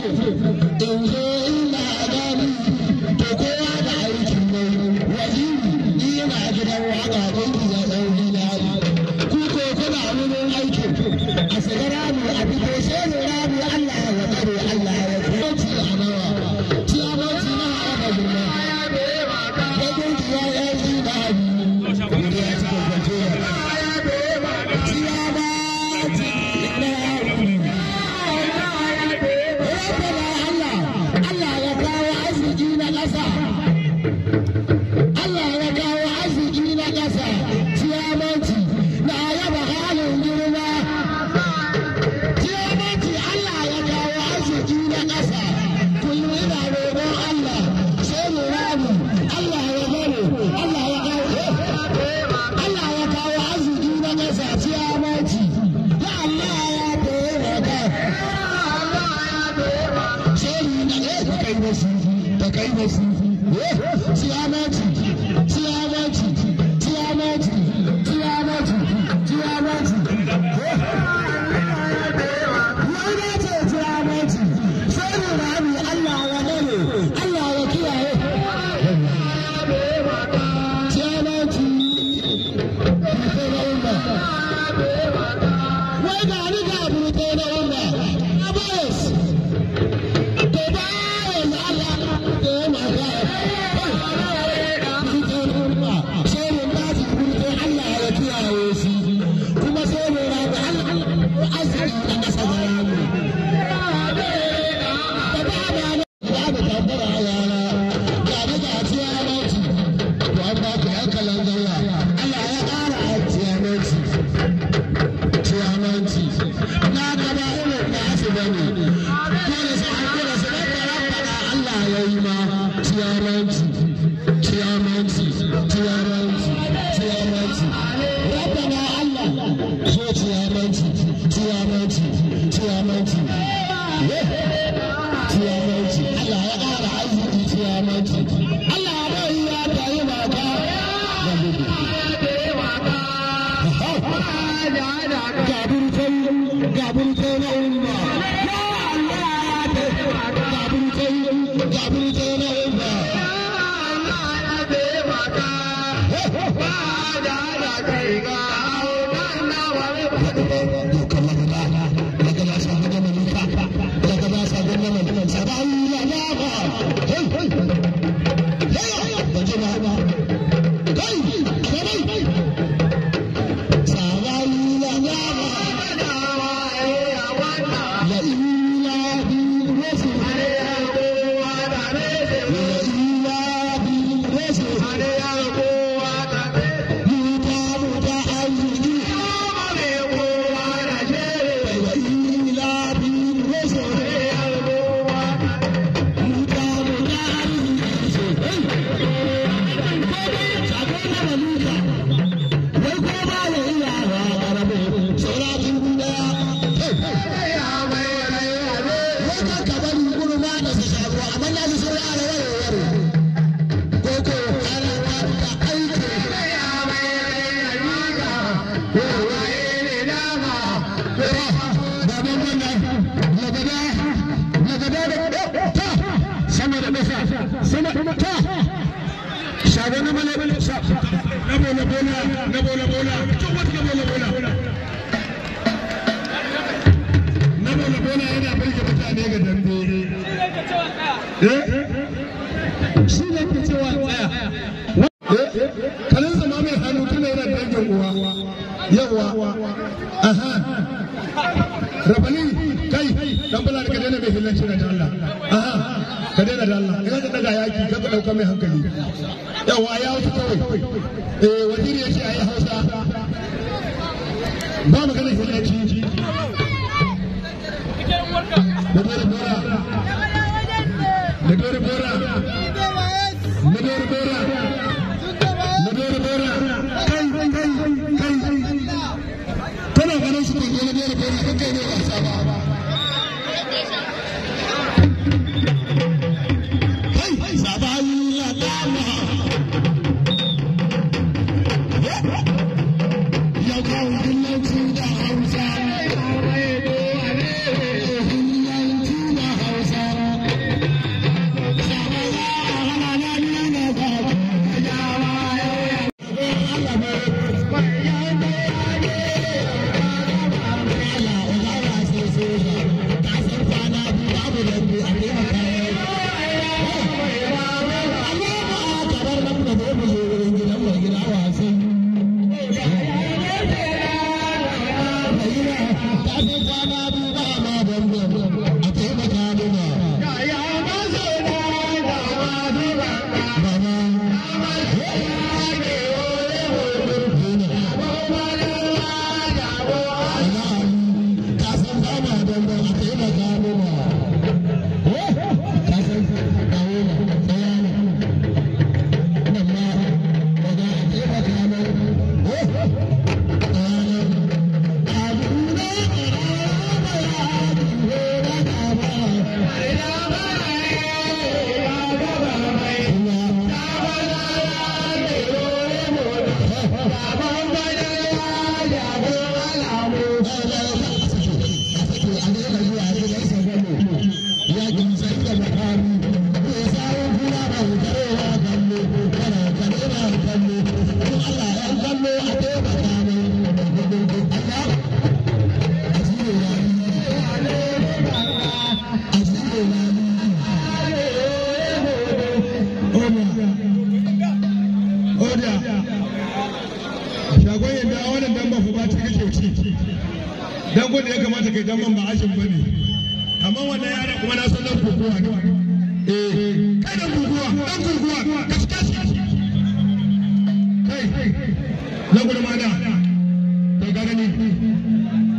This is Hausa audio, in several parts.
Thank you. Tiyamanci, tiyamanci, tiyamanci. Tiyamanci, Allah ya ƙara arziki tiyamanci. Allah ya bai ya ta yi waka. Gabin kai, gabin kai na umma. Gabin kai, gabin kai na umma. Allah ya bai waka. Ba da da Thank you. shi ne ke cewa tsaya kalin zama mai hannu tun yana dangin uwa yawa aha rabani kai dan bala ka daina mai hillanci da Allah aha ka daina ina da daga yaki ka dauka mai hankali yawa ya wuce kawai eh waziri yace ayi Hausa ba magana hillanci da oda shagon yadda wannan dan bafu ba ta kake ci dan da ya kamata kai dan ba ashin bane amma wannan yaran kuma na san ne eh kai dan kai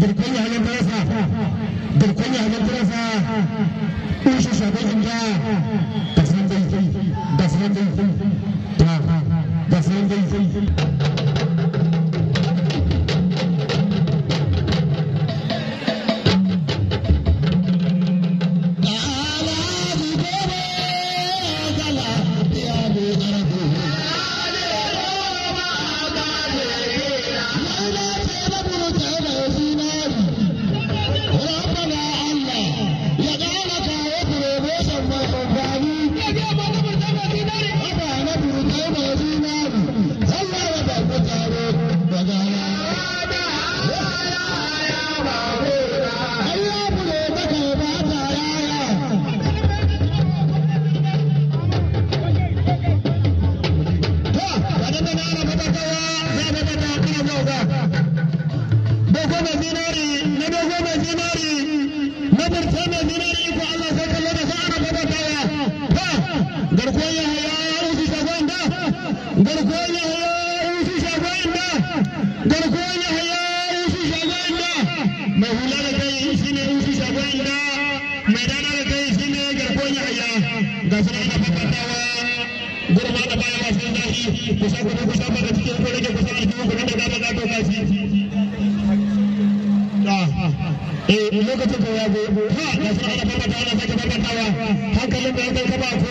बिल्कुल lokacin da ya zo ha da sai ana fara tawa sai ka fara tawa hankalin da ya ba ko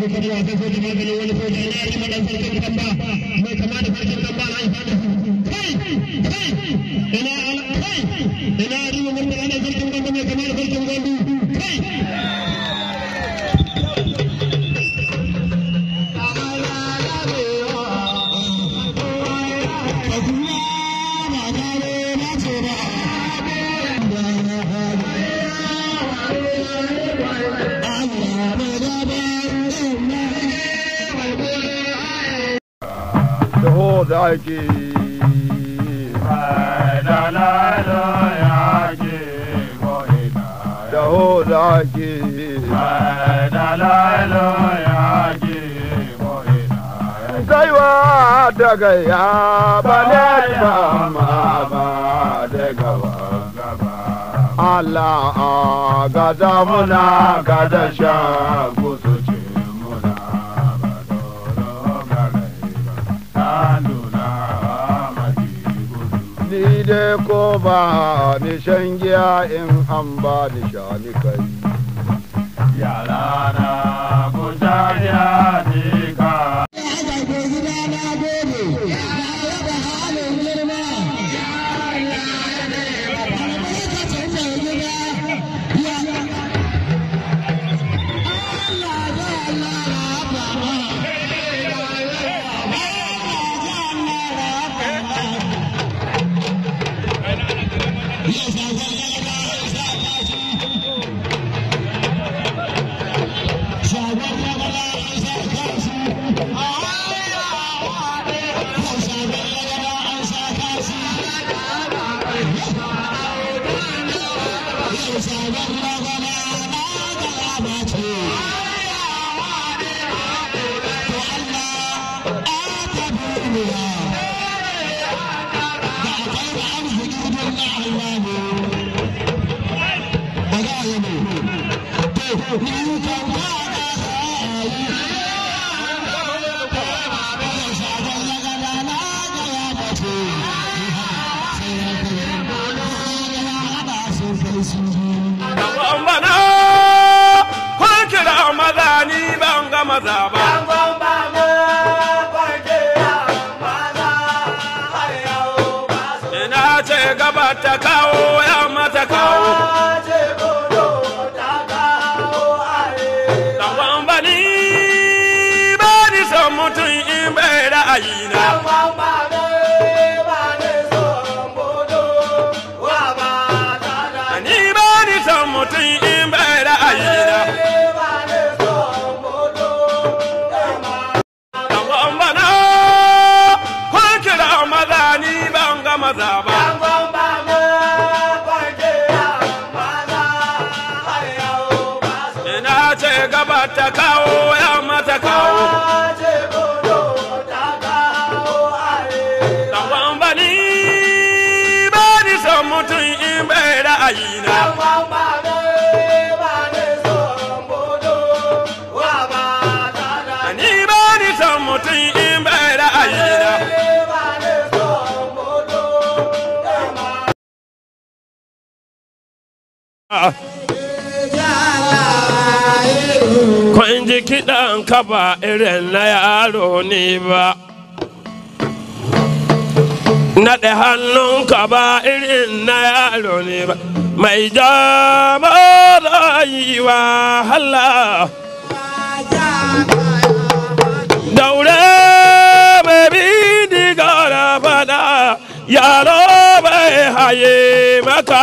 kokari Thank you. yaki mai dalalo yaki daga ya bane ba ma ba daga wa Allah a gada muna gada shagu je ko ba ni shan giya in an ba ni shani kai yara bana ko kira maza ni ban maza ba. Ina ce gaba ta kawo Father kaba ba irin na yaro ne ba naɗe hannun ba irin na yaro ne ba mai jama wa hala daure mai bi diga fada yaro bai haye maka